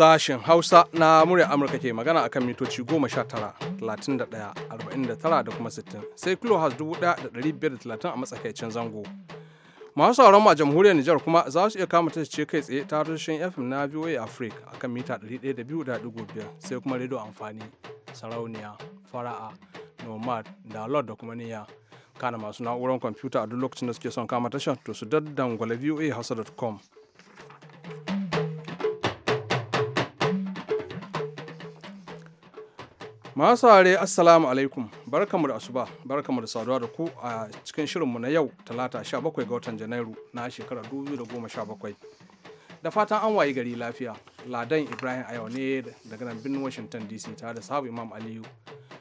sashen hausa na murya amurka ke magana akan mitoci 19 31 49 da kuma 60 sai kilohas 1530 a matsakaicin zango masu sauran a jamhuriyar nijar kuma za su iya kama ce kai tsaye ta tushen fm na voa africa akan mita 102.5 sai kuma rediyo amfani sarauniya fara'a nomad da lord da kuma niyya kana masu na'urar kwamfuta a duk lokacin da suke son kama tashar to su daddangwale voa hausa.com Masu saurare Assalamu alaikum, barkamu da asuba, barkamu da saduwa da ku a cikin shirinmu na yau talata 17 ga watan Janairu na shekarar 2017. Da fatan an wayi gari lafiya, Ladan Ibrahim a ne daga nan birnin Washington DC tare da sahabu Imam Aliyu.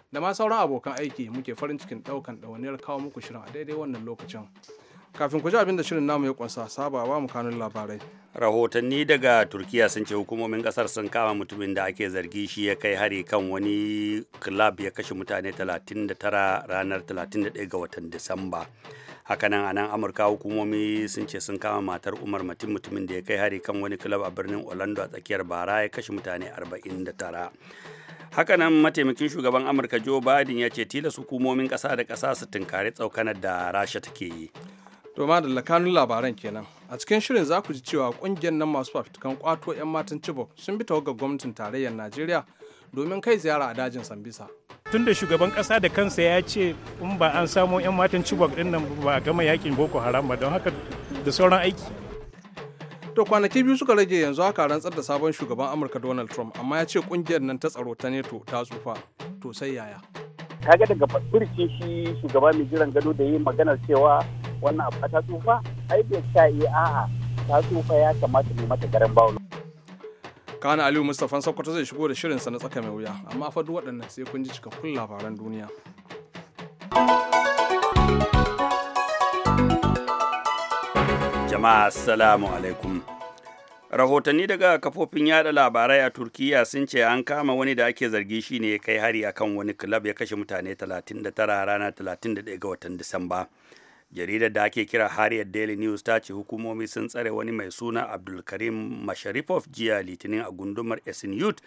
Da ma sauran abokan aiki muke farin cikin ɗaukan ɗawainiyar kawo muku shirin a daidai wannan lokacin. kafin ku ji abin da shirin namu ya kunsa saba ba mu kanun labarai rahotanni daga turkiya sun ce hukumomin kasar sun kama mutumin da ake zargi shi ya kai hari kan wani club ya kashe mutane 39 ranar 31 ga watan disamba hakanan a nan amurka hukumomi sun ce sun kama matar umar matin mutumin da ya kai hari kan wani club a birnin orlando a tsakiyar bara ya kashe mutane 49 hakanan mataimakin shugaban amurka joe biden ya ce tilas hukumomin kasa da kasa su tunkari tsaukanar da rasha take yi To da lakanun labaran kenan. A cikin shirin za ku ji cewa kungiyar nan masu fafitukan kwato 'yan matan Chibok sun bi tawagar gwamnatin tarayyar Najeriya domin kai ziyara a dajin Sambisa. Tun da shugaban kasa da kansa ya ce in ba an samo 'yan matan Chibok din nan ba gama yakin Boko Haram ba don haka da sauran aiki. To kwanaki biyu suka rage yanzu haka rantsar da sabon shugaban Amurka Donald Trump amma ya ce kungiyar nan ta tsaro ta neto ta tsufa to sai yaya. Kaga daga furci shi shugaba mai jiran gado da yi maganar cewa wannan abu ta tsufa ai bai sha yi a'a ta tsufa ya kamata mu mata garin bawul kana aliyu mustapha sokoto zai shigo da shirinsa na tsaka mai wuya amma fa duk waɗannan sai kun ji cikakkun labaran duniya jama'a assalamu alaikum rahotanni daga kafofin yada labarai a Turkiyya sun ce an kama wani da ake zargi shi shine kai hari akan wani club ya kashe mutane 39 ranar 31 ga watan disamba jaridar da ake kira harriet daily news ta ce hukumomi sun tsare wani mai suna abdulkarim masharipov jiya litinin a gundumar Youth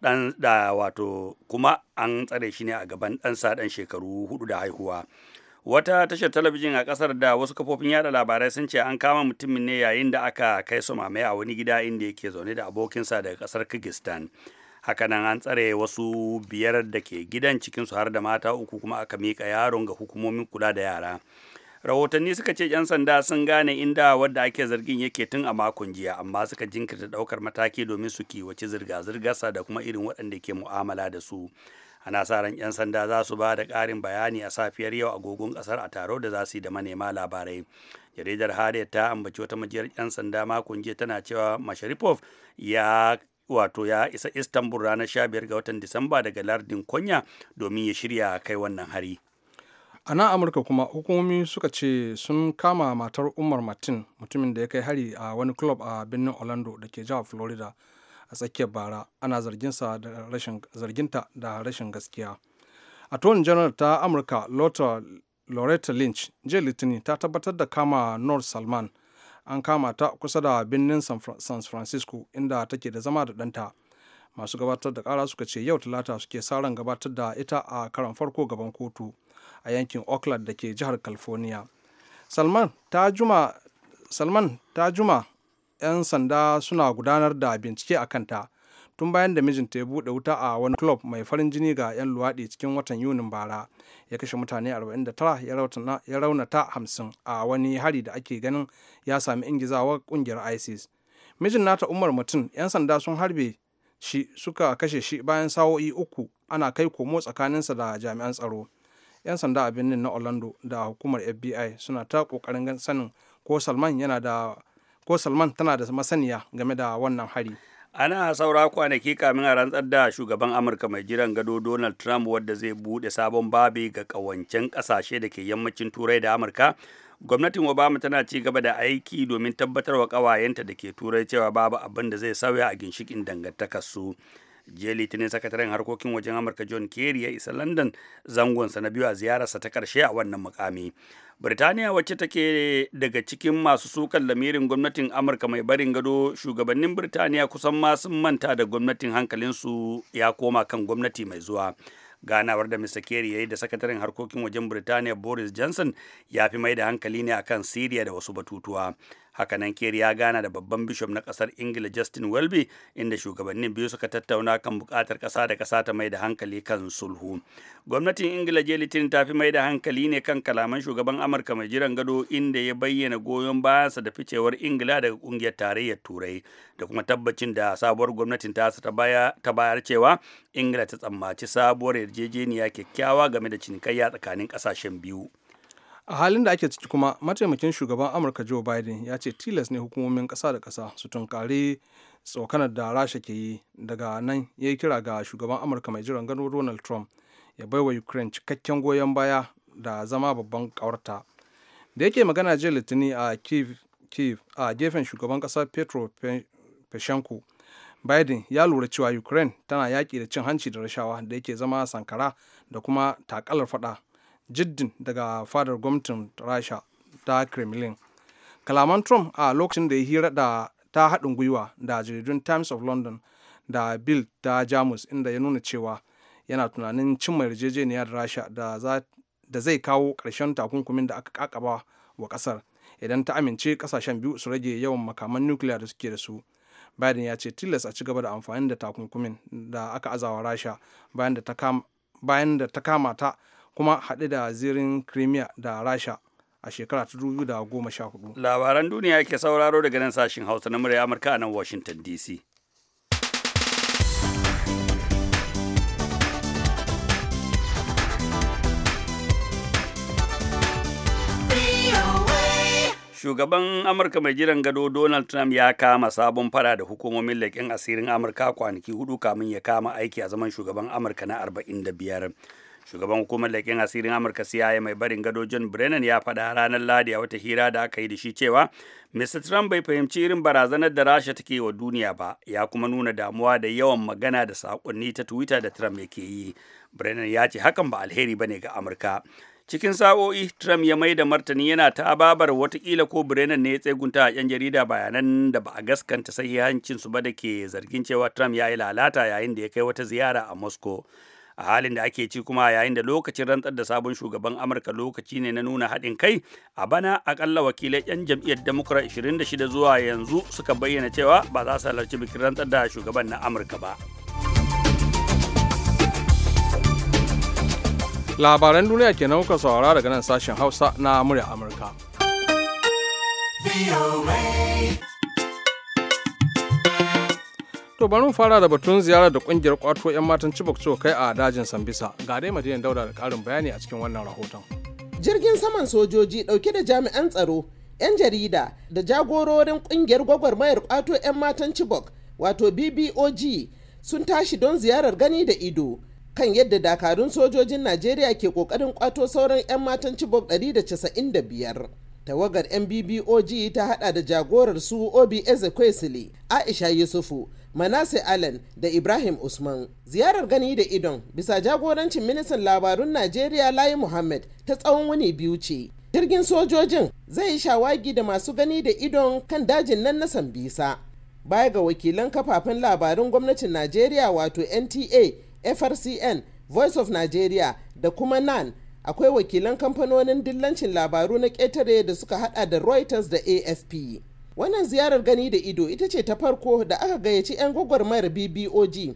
dan da wato kuma an tsare shi ne a gaban ɗansa dan shekaru hudu da haihuwa wata tashar talabijin a kasar da wasu kafofin yada labarai sun ce an kama mutumin ne yayin da aka kai su mamaye a wani gida inda yake zaune da abokinsa daga kasar kyrgyzstan hakanan an tsare wasu biyar da ke gidan cikinsu har da mata uku kuma aka mika yaron ga hukumomin kula da yara rahotanni suka ce 'yan sanda sun gane inda wadda ake zargin yake tun a makon jiya amma suka jinkirta daukar mataki domin su kiwaci zirga-zirgarsa da kuma irin waɗanda ke mu'amala da su ana sa ran 'yan sanda za su ba da ƙarin bayani a safiyar yau agogon ƙasar a taro da za su yi da manema labarai jaridar hariya ta ambaci wata majiyar 'yan sanda makon jiya tana cewa masharipov ya wato ya isa istanbul ranar 15 ga watan disamba daga lardin konya domin ya shirya kai wannan hari a nan amurka kuma hukumomi suka ce sun kama matar umar martin mutumin da ya kai hari a wani club a birnin orlando da ke jihar florida a tsakiyar bara ana zarginta da rashin gaskiya a attorney general ta amurka loretta lynch jiya litini ta tabbatar da kama north salman an kama ta kusa da birnin san francisco inda take da zama da ɗanta masu gabatar da kara suka ce yau talata suke sa ran gabatar da ita a karan farko gaban kotu a yankin oakland da ke jihar california salman ta juma 'yan sanda suna gudanar da bincike a kanta tun bayan da mijinta ya bude wuta a wani club mai farin jini ga 'yan luwaɗi cikin watan yunin bara ya kashe mutane 49 ya raunata 50 a wani hari da ake ganin ya sami ingizawa ƙungiyar isis mijin nata umar mutum 'yan sanda sun harbe shi suka kashe shi bayan sawo'i uku ana kai komo tsakaninsa da jami'an tsaro 'yan sanda a birnin na orlando da hukumar fbi suna ta kokarin sanin ko salman yana da ko salman tana da masaniya game da wannan hari ana saura kwanaki kamin a rantsar da shugaban amurka mai jiran gado donald trump wadda zai bude sabon babi ga kawancen kasashe da ke yammacin turai da amurka gwamnatin obama tana ci gaba da aiki domin tabbatarwa kawayenta da ke turai cewa babu abin da zai sauya a ginshikin dangantakar su jiya litinin sakataren harkokin wajen amurka john kerry ya isa london zangonsa na biyu a ziyararsa ta karshe a wannan mukami birtaniya wacce take daga cikin masu sukan lamirin gwamnatin amurka mai barin gado shugabannin birtaniya kusan ma sun manta da gwamnatin hankalinsu ya koma kan gwamnati mai zuwa ganawar da Mr. Kerry ya yi da sakataren harkokin wajen Birtaniya Boris Johnson ya fi mai da hankali ne akan Siriya da wasu batutuwa. hakanan kiyar ya gana da babban bishop na kasar ingila justin welby inda shugabannin biyu suka tattauna kan bukatar kasa da kasa ta mai da hankali kan sulhu gwamnatin ingila je litinin ta fi mai da hankali ne kan kalaman shugaban amurka mai jiran gado inda ya bayyana goyon bayansa da ficewar ingila daga kungiyar tarayyar turai da kuma tabbacin da sabuwar gwamnatin tasa ta bayar cewa ingila ta tsammaci sabuwar yarjejeniya kyakkyawa game da cinikayya tsakanin kasashen biyu a halin da ake ciki kuma mataimakin shugaban amurka joe biden ya ce tilas ne hukumomin kasa da kasa su tunkari tsokanar da rasha ke yi daga nan ya yi kira ga shugaban amurka mai jiran gano donald trump ya baiwa ukraine cikakken goyon baya da zama babban kawarta da yake magana jiya litinin a kiev a gefen shugaban kasa petro peshenko biden ya lura cewa ukraine tana yaƙi da cin hanci da rashawa da yake zama sankara da kuma takalar fada jiddin daga fadar gwamnatin rasha ta kremlin kalaman trump a lokacin da ya hira da ta haɗin gwiwa da jaridun times of london da bill ta jamus inda ya nuna cewa yana tunanin cimma yarjejeniyar rasha da zai kawo ƙarshen takunkumin da aka kakaba wa ƙasar idan ta amince ƙasashen biyu su rage yawan makaman nukiliya da suke da su biden ya ce tilas a ci da amfani da takunkumin da aka azawa rasha bayan da ta kama ta kuma haɗe da zirin crimea da rasha a shekara ta 2014 labaran duniya ke sauraro daga nan sashen hausa na murya amurka a nan washington dc shugaban amurka mai jiran gado donald trump ya kama sabon fara da hukumomin leƙen asirin amurka kwanaki hudu kamin ya kama aiki a zaman shugaban amurka na arba'in da biyar. shugaban hukumar leƙen asirin amurka cia mai barin gado john brennan ya faɗa ranar ladi a wata hira da aka yi da shi cewa mr trump bai fahimci irin barazanar da rasha take wa duniya ba ya kuma nuna damuwa da yawan magana da saƙonni ta twitter da trump yake yi brennan ya ce hakan ba alheri ba ne ga amurka cikin sa'o'i trump ya mai da martani yana ta wata watakila ko brennan ne ya tsegunta a 'yan jarida bayanan da ba a gaskanta su ba da ke zargin cewa trump ya yi lalata yayin da ya kai wata ziyara a moscow a halin da ake ci kuma yayin da lokacin rantsar da sabon shugaban amurka lokaci ne na nuna haɗin kai a bana akalla wakilai 'yan jam'iyyar democrat 26 zuwa yanzu suka bayyana cewa ba za su halarci bikin rantsar da shugaban na amurka ba labaran duniya ke nauka saurara daga nan sashen hausa na murya amurka To bari fara da batun ziyarar da kungiyar kwato 'yan matan Chibok so kai a dajin Sambisa. Ga dai Madiyan Dauda da karin bayani a cikin wannan rahoton. Jirgin saman sojoji dauke da jami'an tsaro, 'yan jarida da jagororin kungiyar gwagwarmayar kwato 'yan matan Chibok wato BBOG sun tashi don ziyarar gani da ido kan yadda dakarun sojojin Najeriya ke kokarin kwato sauran 'yan matan Chibok 195. Tawagar MBBOG ta hada da jagorar su Obi Ezekwesili, Aisha Yusufu, Manasse Allen da Ibrahim Usman. Ziyarar gani da idon bisa jagorancin ministan labarun Najeriya Layi Muhammad ta tsawon wani biyu ce. Jirgin sojojin zai yi shawagi da masu gani da idon kan dajin nan na Sambisa. Baya ga wakilan kafafen labarun gwamnatin Najeriya wato NTA, FRCN, Voice of Nigeria da kuma NAN akwai wakilan kamfanonin dillancin labaru na ƙetare da suka hada da Reuters da AFP. wannan ziyarar gani da ido ita ce ta farko da aka gayyaci 'yan gwagwarmayar bbog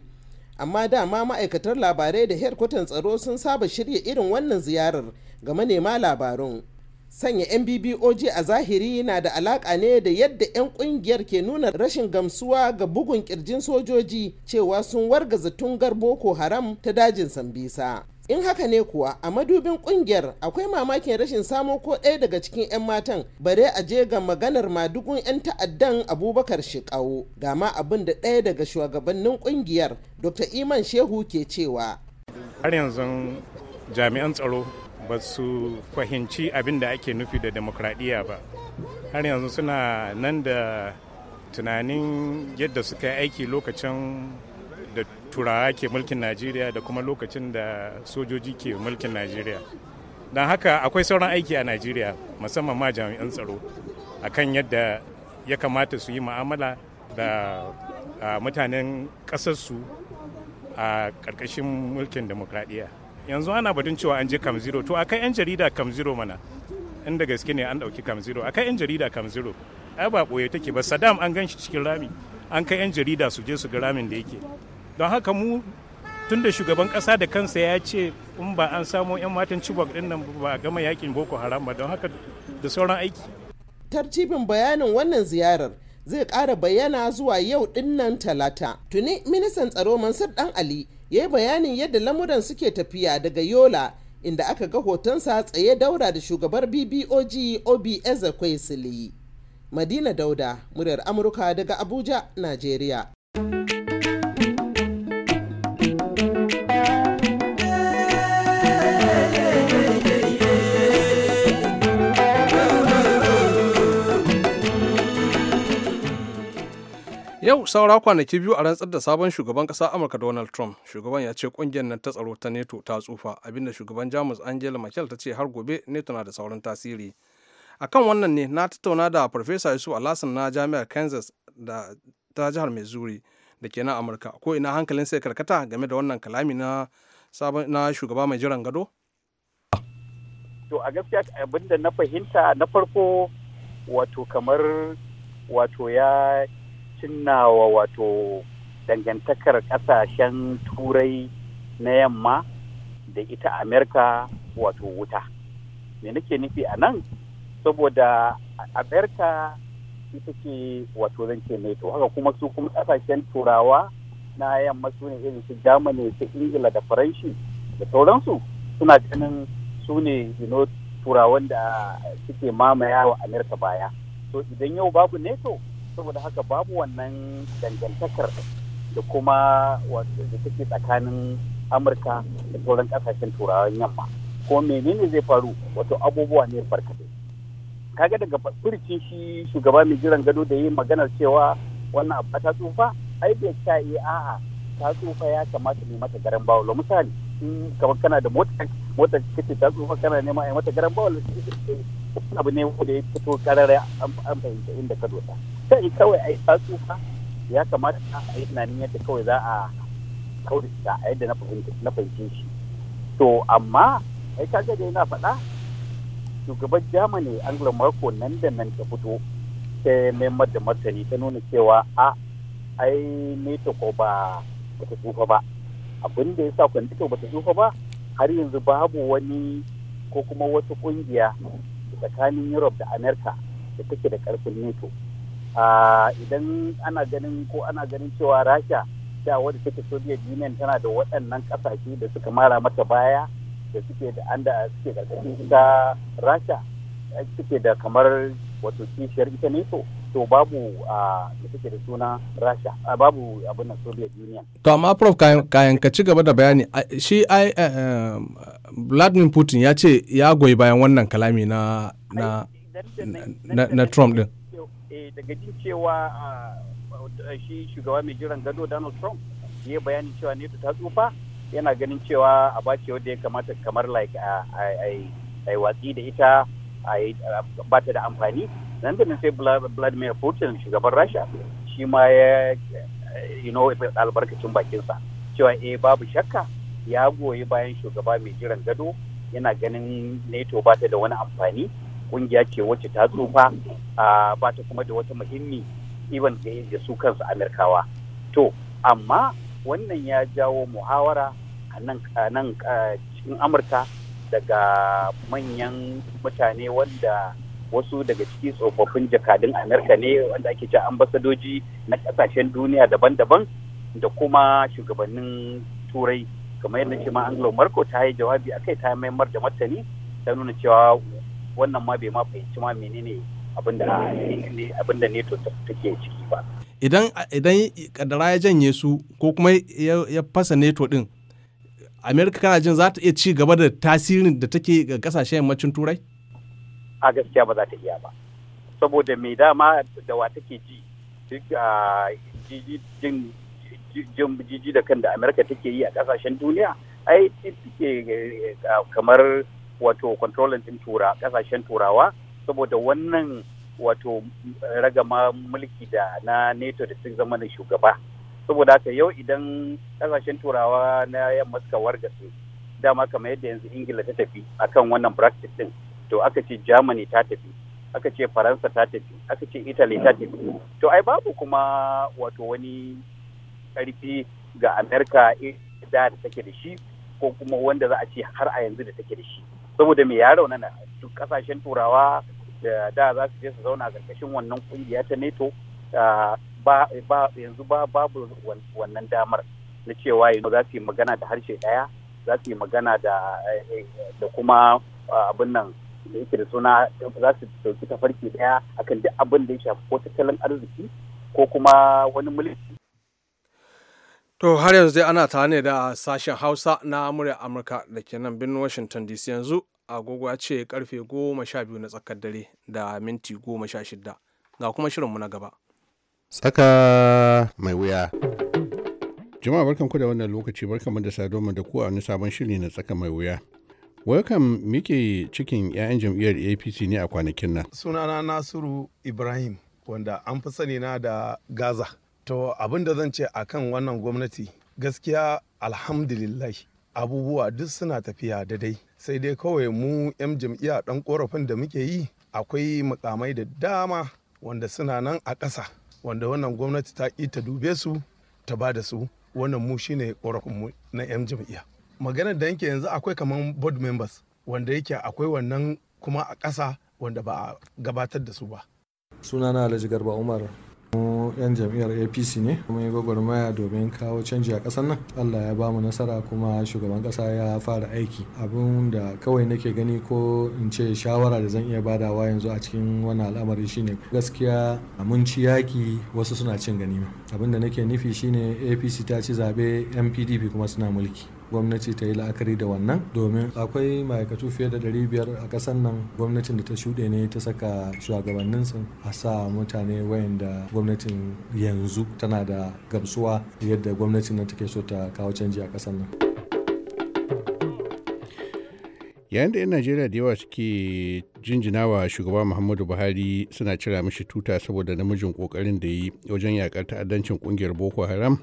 amma dama ma'aikatar labarai da headquarters tsaro sun saba shirya irin wannan ziyarar ga manema labarun sanya 'yan bbog a zahiri na da alaƙa ne da yadda 'yan ƙungiyar ke nuna rashin gamsuwa ga bugun kirjin sojoji cewa sun wargaza tungar boko haram ta dajin sambisa in haka ne kuwa a madubin kungiyar akwai mamakin rashin samo ko ɗaya daga cikin 'yan matan bare a je ga maganar madugun 'yan ta'addan abubakar shekawo gama ma abin da ɗaya daga shugabannin kungiyar dr iman shehu ke cewa har yanzu jami'an tsaro ba su fahimci abin da ake nufi da demokradiyya ba har yanzu suna nan da tunanin yadda suka yi aiki lokacin turawa ke mulkin najeriya da kuma lokacin da sojoji ke mulkin najeriya don haka akwai sauran aiki a najeriya musamman ma jami'an tsaro a kan yadda ya kamata su yi ma'amala da mutanen ƙasarsu a ƙarƙashin mulkin demokradiyya yanzu ana batun cewa an je kam zero to akai 'yan jarida kam zero mana inda gaske ne an ɗauki kam zero akai 'yan jarida kam zero ai ba ɓoye take ba sadam an gan shi cikin rami an kai 'yan jarida su je su ga ramin da yake don haka mu tun da shugaban kasa da kansa ya ce in ba an samo 'yan matan cibok din nan ba a gama yakin boko haram ba don haka da sauran aiki tartibin bayanin wannan ziyarar zai ƙara bayyana zuwa yau dinnan talata tuni ministan tsaro mansur dan ali ya yi bayanin yadda lamuran suke tafiya daga yola inda aka ga hotonsa tsaye daura da shugabar bbog obi ezekwesili madina dauda muryar amurka daga abuja najeriya Yau saura kwanaki biyu a rantsar da sabon shugaban kasa Amurka Donald Trump. Shugaban ya ce kungiyar nan ta tsaro ta NATO ta tsufa, abinda shugaban Jamus Angela Merkel ta ce har gobe NATO na da sauran tasiri. Akan wannan ne na tattauna da Farfesa Yusuf Alhassan na Jami'ar Kansas da ta jihar Missouri da ke nan Amurka. Ko ina hankalin sai karkata game da wannan kalami na sabon na shugaba mai jiran gado? To a gaskiya abinda na fahimta na farko wato kamar wato ya wa wato dangantakar kasashen turai na yamma da ita amerika wato wuta me nake nufi a nan saboda amerika ita ce wato zan ce to haka kuma su kuma kasashen turawa na yamma su ne irin su germany su ingila da faranshi da sauransu suna ganin su ne turawan da suke mamaya wa amerika baya to idan yau babu neto saboda haka babu wannan dangantakar da kuma wato da take tsakanin amurka da sauran kasashen turawan yamma ko menene zai faru wato abubuwa ne barkatai kaga daga furcin shi shugaba mai jiran gado da yi maganar cewa wannan abu ta tsufa ai bai sha yi a'a ta tsufa ya kamata ne mata garan bawulo misali kamar kana da mota mota kake ta tsufa kana nema ai mata garan bawulo abu ne wanda ya fito karara an fahimta inda ka dosa sai kawai a yi tsatsuka ya kamata a yi tunanin yadda kawai za a kaurita a yadda na fahimci shi to amma ai ka gaje da yana faɗa shugaban jamani angela marko nan da nan ta fito ta maimar da martani ta nuna cewa a ai ta ko ba ta tsufa ba abin da ya sa kwanci ba ta tsufa ba har yanzu babu wani ko kuma wata kungiya tsakanin europe da america da take da karfin neto idan ana ganin ko ana ganin cewa rasha da wadda take soviet union tana da waɗannan ƙasashe da suka mara mata baya da suke da an da suke ƙarƙashin ita rasha suke da kamar wato kishiyar ita neto to babu da suke da suna rasha babu abin soviet union to amma prof kayan ka ci gaba da bayani shi eh, eh, vladimir putin ya ce ya goyi bayan wannan kalami na na na trump din eh, daga jin cewa ah, eh, shi shugaba mai jiran gado donald trump ya bayani cewa ne ta tsufa yana ganin cewa a bace wadda ya kamata kamar like a watsi da ita ba ta da amfani nan da sai vladimir putin shugaban rasha shi ma ya eh, you know albarkacin bakinsa cewa eh babu shakka ya goyi bayan shugaba mai jiran gado yana ganin neto ba ta da wani amfani kungiya ce wacce ta tsufa ba ta kuma da wata muhimmi even ga su kansu amurkawa to amma wannan ya jawo muhawara a nan cikin amurka daga manyan mutane wanda wasu daga ciki tsofaffin jakadun amurka ne wanda ake ce ambasadoji na kasashen duniya daban-daban da kuma shugabannin turai kamar yadda ce ma anglo marko ta yi jawabi a kai ta maimar da martani ta nuna cewa wannan ma bai ma fahimci ma menene abin da neto take ciki ba idan idan kadara ya janye su ko kuma ya fasa neto din amerika kana jin za ta iya ci gaba da tasirin da take ga kasashen yammacin turai a gaskiya ba za ta iya ba saboda mai dama da wa take ji ah, jin bijiji da kan da amerika take yi a kasashen duniya ai take eh, kamar wato kontrolin din tura kasashen turawa saboda wannan wato ragama mulki da na neto da sun zama shugaba saboda haka yau idan kasashen turawa na yamma suka warga su dama kamar yadda yanzu ingila ta tafi akan wannan brexit din to aka ce germany ta tafi aka ce faransa ta tafi aka ce italy ta tafi to ai babu kuma wato wani karfi ga amerika eh, da ta take da shi ko kuma wanda za a ce har a yanzu da take da shi saboda mai ya na, duk kasashen turawa da eh, da za su je su zauna karkashin wannan kungiya ta neto eh, ba yanzu ba babu wannan damar na cewa yanzu za su yi magana da harshe daya za su yi magana da kuma abin nan da yake da suna za su dauki tafarki daya akan duk abin da ya shafi ko tattalin arziki ko kuma wani mulki To har yanzu dai ana tare da sashen Hausa na murya Amurka da ke nan birnin Washington DC yanzu agogo ya ce karfe goma sha biyu na tsakar dare da minti goma sha shida ga kuma shirinmu na gaba. Tsaka mai wuya. Jama'a ku da wannan lokaci mu da sadoma da ku a wani sabon shiri na tsaka mai wuya. Welcome muke cikin 'ya'yan jam'iyyar APC ne a kwanakin nan. Sunana Nasiru Ibrahim wanda an fi sani na da Gaza. To abin da zan ce akan wannan gwamnati gaskiya alhamdulillah abubuwa duk suna tafiya da dai sai dai kawai mu 'yan jam'iyya ɗan korafin da muke yi akwai mukamai da dama wanda suna nan a ƙasa wanda wannan gwamnati ta ki ta dube su ta ba da su wannan mu shine mu na 'yan jam'iyya maganar da yake yanzu akwai kamar board members wanda yake akwai wannan kuma a ƙasa wanda ba a gabatar da su ba sunana alhaji garba umar 'yan jam'iyyar apc ne kuma yi gwagwarmaya domin kawo canji a ƙasar nan allah ya bamu nasara kuma shugaban ƙasa ya fara aiki abin da kawai nake gani ko in ce shawara da zan iya badawa yanzu a cikin wannan al'amari shine gaskiya mun ci yaki wasu suna cin ganima abin da nake nufi shine apc ta ci zaɓe mpdp kuma suna mulki gwamnati ta yi la'akari da wannan domin akwai ma'aikatu fiye da 500 a kasar nan gwamnatin da ta shuɗe ne ta saka shugabannin sun a sa mutane wayanda gwamnatin yanzu tana da gamsuwa yadda gwamnatin nan take so ta kawo canji a kasar nan. yayin da 'yan najeriya da yawa suke jinjinawa shugaba muhammadu buhari suna cira mishi tuta saboda namijin kokarin da yi wajen yakar ta'addancin kungiyar boko haram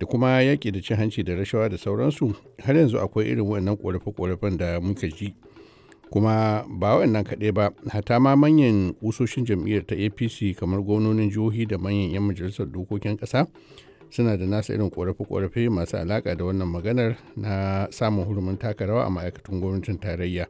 da kuma yaƙi da cin hanci da rashawa da sauransu har yanzu akwai irin wannan ƙorafe-ƙorafen da muka ji kuma ba wannan kaɗai ba hata ma manyan ƙusoshin jam'iyyar ta apc kamar gwamnonin jihohi da manyan 'yan majalisar dokokin ƙasa suna da nasa irin ƙorafe-ƙorafe masu alaƙa da wannan maganar na samun hurumin taka rawa a ma'aikatan gwamnatin tarayya.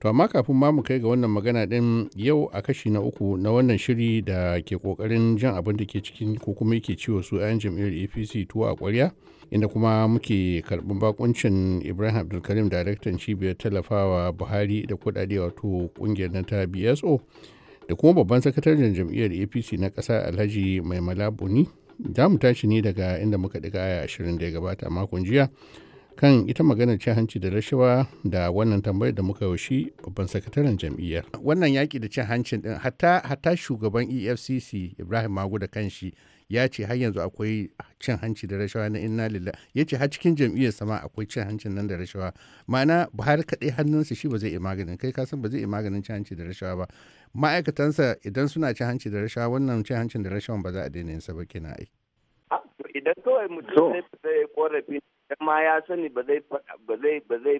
To amma kafin ma mu kai ga wannan magana ɗin yau a kashi na uku na wannan shiri da ke kokarin jan abin da ke cikin ko kuma yake ciwo su 'yan jam'iyyar APC tuwa a ƙwarya inda kuma muke karɓar bakuncin Ibrahim Abdulkarim daraktan cibiyar tallafawa Buhari da kuɗaɗe wato ƙungiyar na ta BSO da kuma babban sakataren jam'iyyar APC na ƙasa Alhaji Maimala Buni. Za mu tashi ne daga inda muka ɗiga aya ashirin da ya gabata makon jiya. kan ita maganar cin hanci da rashawa da wannan tambayar da muka yaushe babban sakataren jam'iyyar wannan yaƙi da cin hancin din hatta hatta shugaban efcc ibrahim magu da kanshi ya ce har yanzu akwai cin hanci da rashawa na inna lillah ya ce har cikin jam'iyyar sama akwai cin hancin nan da rashawa ma'ana buhari kaɗai hannunsa shi ba zai iya maganin kai ka san ba zai iya maganin cin hanci da rashawa ba ma'aikatansa idan suna cin hanci da rashawa wannan cin hancin da rashawan ba za a daina yin sa ba kina ai idan kawai mutum zai fita ya korafi ma ya sani ba zai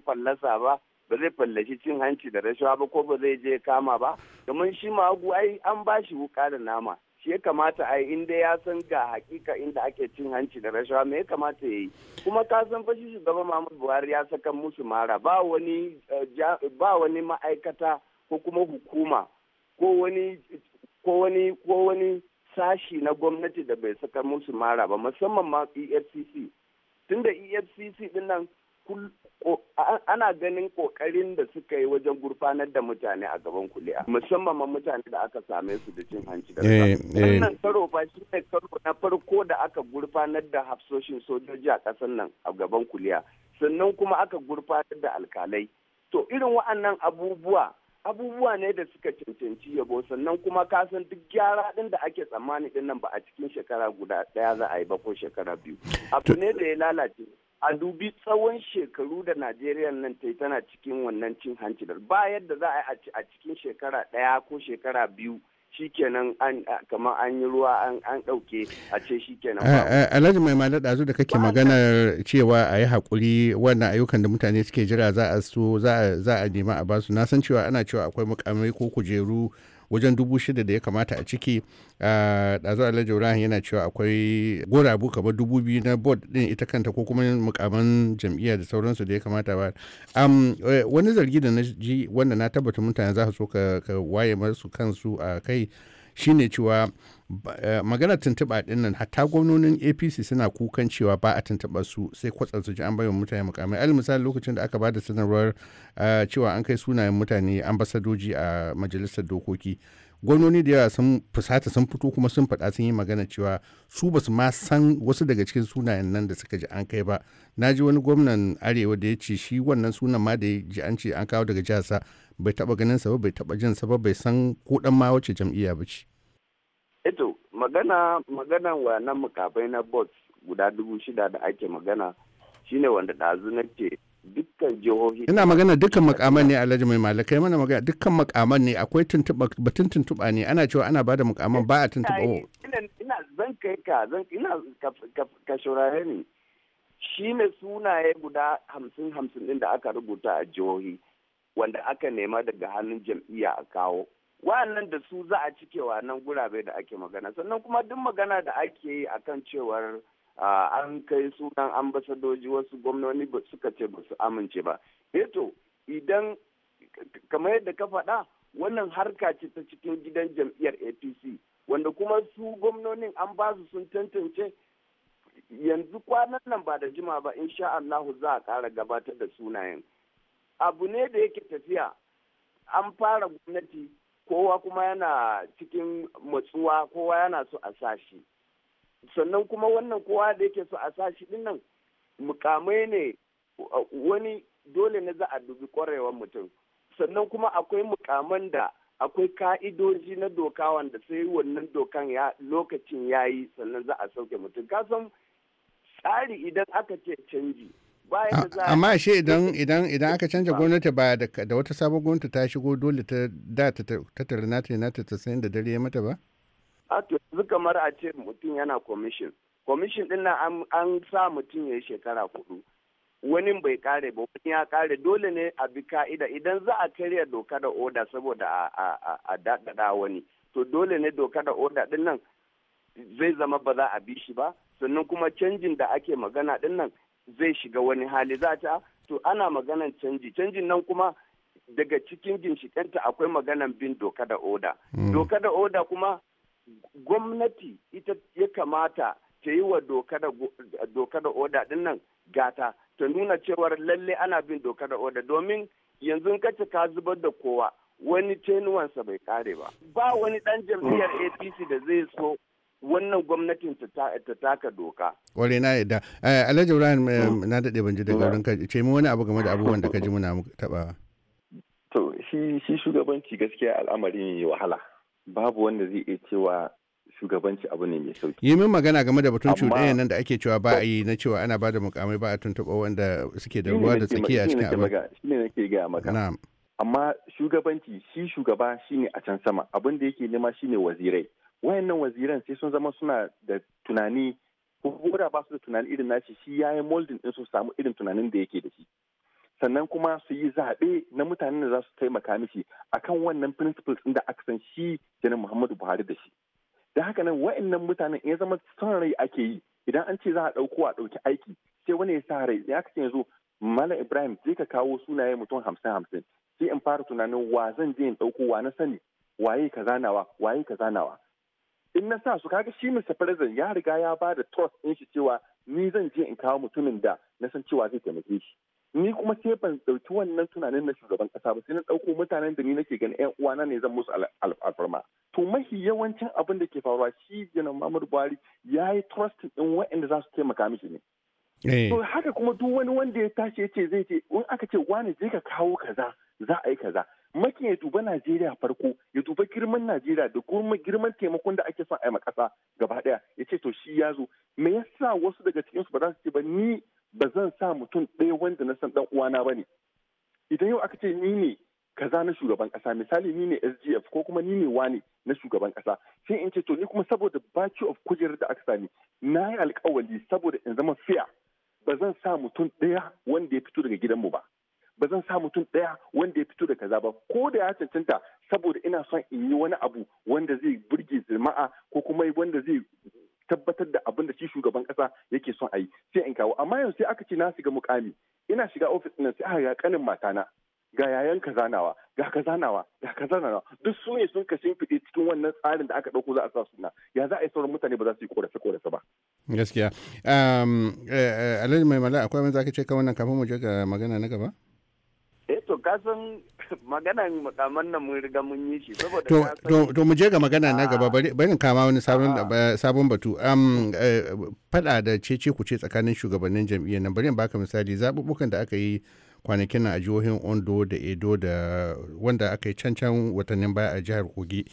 fallasa ba ba zai fallashi cin hanci da rashawa ba ko ba zai je kama ba domin shi magu ai an ba shi wuka da nama shi ya kamata ai inda ya san ga hakika inda ake cin hanci da rashawa me ya kamata ya yi kuma ka san fashi shugaban Muhammadu Buhari ya saka musu mara eh, ba wani ma'aikata ko kuma hukuma ko wani ko wani ko wani sashi na gwamnati da bai saka musu mara ba musamman ma EFCC tunda efcc din nan ana ganin kokarin da suka yi wajen gurfanar da mutane a gaban kuliya musamman ma mutane da aka same su da cin hanci da eh, eh. wannan karo fa shi ne karo na farko da aka gurfanar da hafsoshin sojoji a ƙasar nan a gaban kuliya sannan kuma aka gurfanar da alkalai to irin wa'annan abubuwa abubuwa ne da suka cancanci yabo sannan kuma ka san duk gyara din da ake tsammani din nan ba a cikin shekara guda daya za a yi ba ko shekara biyu abu ne da ya lalace a dubi tsawon shekaru da najeriya nan ta tana cikin wannan cin hanci da ba yadda za a yi a cikin shekara daya ko shekara biyu shikenan an kamar an yi ruwa an ɗauke a ce shikenan eh, eh, alhaji mai malar dazu da kake maganar cewa a yi hakuri wannan ayyukan da mutane suke jira za a so za a nema a basu na san cewa ana cewa akwai mukamai ko kujeru wajen dubu shida da ya kamata a ciki ɗazu alhaji ibrahim yana cewa akwai abu kamar dubu biyu na board din ita kanta ko kuma mukaman jam'iyya da sauransu da ya kamata ba eh, wani zargi da na ji wanda na tabbata mutane za su so ka waye masu kansu a kai shine cewa Eh, magana tuntuɓa ɗin nan hatta gwamnonin apc suna kukan cewa ba a tuntuɓa su sai kwatsar su ji an bayan mutane mukamai al misali lokacin da aka ba da sanarwar eh, cewa an kai sunayen mutane ambasadoji a majalisar dokoki gwamnoni da yawa sun fusata sun fito kuma sun faɗa sun yi magana cewa su ba su ma san wasu daga cikin sunayen nan da suka ji an kai ba na ji wani gwamnan arewa da ya ce shi wannan sunan ma da ya ji an ce an kawo daga jihar sa bai taɓa ganin sa ba bai taɓa jin sa ba bai san ko dan ma wace jam'iyya ba ce magana magana wannan mukafai na bots guda dubu shida da ake magana shine wanda ɗazu na ce dukkan jihohi ina magana dukkan makaman ne alhaji mai malakai mana magana dukkan makaman ne akwai tuntuɓa batun tuntuɓa ne ana cewa ana bada mukaman ba a tuntuɓa oh. ina zan kai ka zan ina ka shurare ne shine sunaye guda hamsin hamsin din da aka rubuta a jihohi wanda aka nema daga hannun jam'iyya a kawo wa'annan da su za a cike wa'annan gurabe da ake magana sannan kuma duk magana da ake yi akan cewar an kai sunan ambasadoji wasu gwamnoni suka ce ba su amince ba eto eh idan kamar yadda ka faɗa wannan harka ce ta cikin gidan jam'iyyar apc wanda kuma su gwamnonin an ba su sun tantance yanzu kwanan nan ba da jima ba insha Allahu za a ƙara gabatar da sunayen abu ne da yake tafiya an fara gwamnati kowa kuma yana cikin matsuwa kowa yana so a sashi sannan kuma wannan kowa da yake so a sashi din nan mukamai ne wani dole ne za a dubi kwarewar mutum sannan kuma akwai mukaman da akwai ka'idoji na doka wanda sai wannan dokan ya lokacin ya yi sannan za a sauke mutum kasan tsari idan aka ce canji amma shi idan idan idan aka canja gwamnati ba da wata sabon gwamnati ta shigo dole ta da ta tare nata ta ta san da dare mata ba a to yanzu kamar a ce mutum yana commission commission din nan an sa mutum ya yi shekara hudu wani bai kare ba wani ya kare dole ne a bi ka'ida idan za a karya doka da oda saboda a daɗaɗa wani to dole ne doka da oda din nan zai zama ba za a bi shi ba sannan kuma canjin da ake magana din zai shiga wani hali za ta to ana maganan canji canjin nan kuma daga cikin ginshikanta akwai maganan bin doka da oda hmm. doka da oda kuma gwamnati ita ya kamata ta yi wa doka da oda din nan gata ta nuna cewar lalle ana bin doka da oda domin yanzu kace ka zubar da kowa wani tenuwansa bai kare ba ba wani dan jam'iyyar hmm. apc da zai so wannan gwamnatin ta taka doka. Kware na yadda. Eh, Alhaji Ibrahim eh, na daɗe ban ji daga wurin ka ce mu wani abu game da abubuwan da ka ji muna taɓa. To shi shugabanci gaskiya al'amarin wahala. Babu wanda zai iya cewa shugabanci abu ne mai sauki. Yi min magana game da batun cuɗayen nan da ake cewa ba a yi na cewa ana ba da mukamai ba a tuntuɓa wanda suke da ruwa da tsakiya cikin abu. Shi ne nake gaya maka. Na'am. Amma shugabanci shi shugaba shine a can sama abin da yake nema shine wazirai. wayannan waziran sai sun zama suna da tunani ko da ba su da tunani irin nashi shi ya yi moldin din su samu irin tunanin da yake da shi sannan kuma su yi zaɓe na mutanen da za su taimaka mishi kan wannan principles da aka san shi jana muhammadu buhari da shi da haka nan wa'annan mutanen ya zama son rai ake yi idan an ce za a ɗauko a ɗauki aiki sai wani ya sa rai ya aka ce yanzu mala ibrahim je ka kawo sunaye mutum hamsin hamsin sai in fara tunanin wa zan je in ɗauko wa na sani waye ka zanawa waye ka zanawa in na sa su kaga shi Mr. President ya riga ya ba da trust in shi cewa ni zan je in kawo mutumin da na san cewa zai taimake shi. Ni kuma sai ban ɗauki wannan tunanin na shugaban ƙasa ba sai na dauko mutanen da ni nake ganin ƴan uwana ne zan musu alfarma. To mafi yawancin abin da ke faruwa shi jinan Muhammadu Buhari ya yi trust din waɗanda za su taimaka mishi ne. Eh. To haka kuma duk wani wanda ya tashi ya ce zai ce in aka ce wani je ka kawo kaza za a yi kaza makin ya duba Najeriya farko ya duba girman Najeriya da kuma girman taimakon da ake son a yi makasa gaba daya ya ce to shi ya zo me yasa wasu daga cikin su ba za su ce ba ni ba zan sa mutum ɗaya wanda na san dan uwana ba ne idan yau aka ce ni ne kaza na shugaban kasa misali ni ne SGF ko kuma ni ne wani na shugaban kasa sai in ce to ni kuma saboda baki of kujerar da aka sami na yi alkawali saboda in zama fiya ba zan sa mutum ɗaya wanda ya fito daga gidanmu ba ba zan sa mutum ɗaya wanda ya fito da kaza ba ko da ya cancanta saboda ina son in yi wani abu wanda zai burge jama'a ko kuma wanda zai tabbatar da abin da shi shugaban kasa yake son a yi sai in kawo amma yanzu sai aka ce na shiga mukami ina shiga ofis ɗin sai aka ga kanin matana ga yayan kazanawa ga kazanawa ga kazanawa duk su ne sun kashin fiɗe cikin wannan tsarin da aka ɗauko za a sa suna ya za a yi sauran mutane ba za su yi korafe korafe ba gaskiya eh, eh, alhaji mai mala akwai wani zaka ce ka wannan kafin mu je ga magana na gaba kasan maganan mukaman nan mun riga mun yi shi saboda to mu je ga magana na gaba ah. bari kama wani sabon ah. eh, batu am eh, fada da cece ce tsakanin shugabannin jam'iyyar nan bari in baka misali zaɓuɓɓukan da aka yi kwanakin a jihohin ondo da edo da wanda aka yi cancan watannin baya a jihar kogi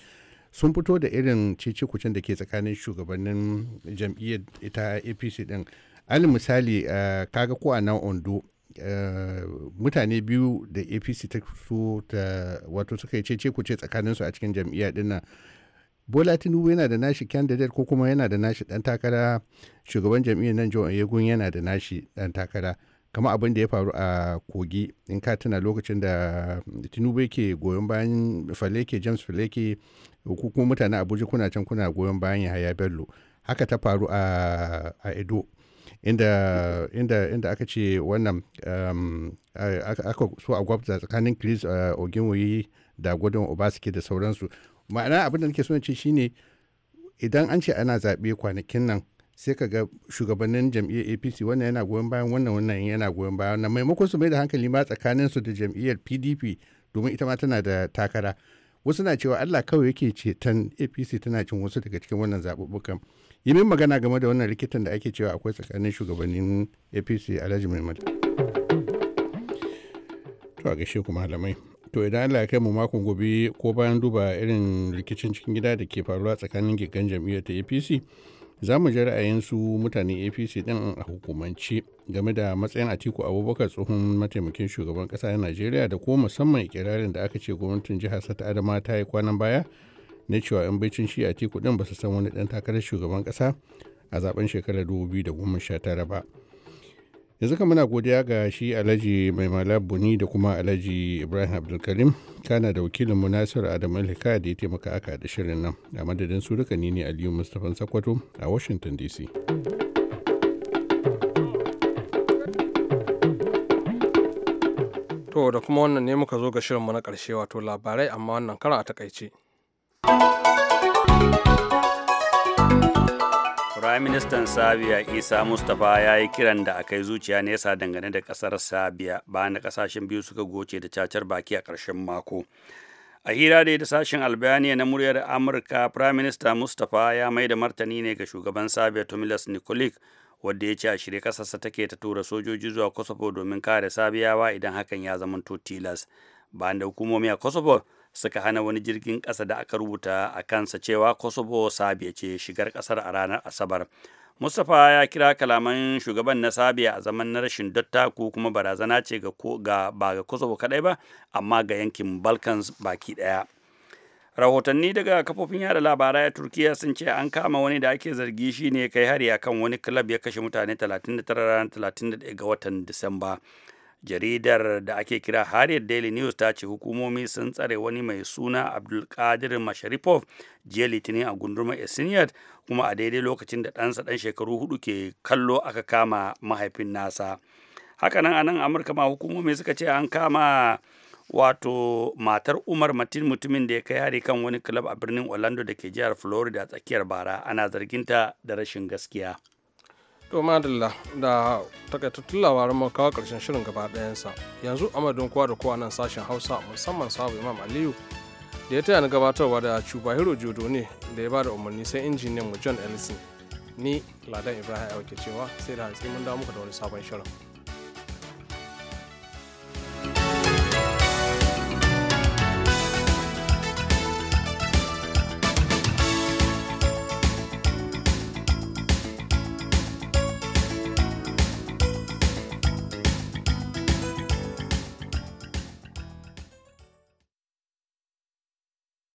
sun fito da irin cece kucen da ke tsakanin shugabannin jam'iyyar ita apc din alin misali eh, kaga ko a nan ondo Eh, mutane biyu da apc ta so ta wato suka yi cece kuce tsakaninsu a cikin jam'iyyar dinnan bola tinubu yana da nashi candidate ko kuma yana da nashi dan takara shugaban jam'iyyar nan john yegun yana da nashi dan takara kama abin da ya faru a kogi in ka tuna lokacin da tinubu yake goyon bayan faleke james faleke ko mutane abuja kuna can kuna goyon bayan yahaya bello haka ta faru a edo inda inda inda aka ce wannan um, aka so a gwabta tsakanin Chris uh, Oginwoyi da gudun Obasike da sauransu ma'ana abin da nake so ce shine idan an ce ana zaɓe kwanakin nan sai ka ga shugabannin jam'iyyar apc wannan yana goyon bayan wannan wannan yana goyon bayan wannan maimakon su mai da hankali ma tsakanin su da jam'iyyar pdp domin ita ma tana da takara wasu na cewa allah kawai yake ceton apc tana cin wasu daga cikin wannan zaɓuɓɓukan yi min magana game da wannan rikitan da ake cewa akwai tsakanin shugabannin apc alhaji maimun to a gashe kuma malamai to idan allah ya kai mu makon gobe ko bayan duba irin rikicin cikin gida da ke faruwa tsakanin gigan jam'iyyar ta apc za mu ji ra'ayinsu mutanen apc din a hukumance game da matsayin atiku abubakar tsohon mataimakin shugaban kasa na najeriya da ko musamman ikirarin da aka ce gwamnatin jihar sata adama ta yi kwanan baya na cewa 'yan baicin shi a teku din ba su san wani dan takarar shugaban kasa a zaben shekarar 2019 ba yanzu kan muna godiya ga shi alhaji mai malabuni da kuma alhaji ibrahim abdulkarim kana da wakilin munasir adamu alhika da ya taimaka aka da shirin nan a madadin su duka ne aliyu mustapha sakwato a washington dc to da kuma wannan ne muka zo ga shirin mu na karshe wato labarai amma wannan kara a takaice Firaministan Sabiya Isa Mustapha ya yi kiran da aka yi zuciya nesa dangane da ƙasar Sabiya ba na kasashen biyu suka goce da cacar baki a ƙarshen mako. A hira da sashen albaniya na muryar Amurka, Firaminista Mustapha ya mai da martani ne ga shugaban Sabiya Tomilas nikolik wadda ya ce a shirye kasarsa take ta tura sojoji zuwa Kosovo domin kare Sabiyawa idan hakan ya zamanto tilas. Bayan da hukumomi a Kosovo suka hana wani jirgin ƙasa da aka rubuta a kansa cewa kosovo sabiya ce shigar ƙasar a ranar asabar mustapha ya kira kalaman shugaban na sabiya a zaman na rashin datta ko kuma barazana ce ga ba ga kosovo kadai ba amma ga yankin balkans baki daya rahotanni daga kafofin yada labarai a turkiya sun ce an kama wani da ake zargi shine kai hari akan wani club ya kashe mutane 39 ranar 31 ga watan disamba jaridar da ake kira harriet daily news ta ce hukumomi sun tsare wani mai suna abdulkadir masharipov jiya litinin a gundumar esiniyat kuma a daidai lokacin da ɗansa ɗan shekaru hudu ke kallo aka kama mahaifin nasa hakanan a nan amurka ma hukumomi suka ce an kama wato matar umar matin mutumin da ya kai hari kan wani club a birnin orlando da ke jihar florida tsakiyar bara ana zarginta da rashin gaskiya to madalla da takaitattun labaran makawa karshen shirin gaba ɗayansa yanzu amadun kowa da kowa nan sashen hausa musamman sabu imam aliyu da ya taya na gabatarwa da cuba cubahiro jodo ne da ya ba da umarni sai injiniyan mu john ellison ni ladan ibrahim ke cewa sai da hantsi mun damu da wani sabon shirin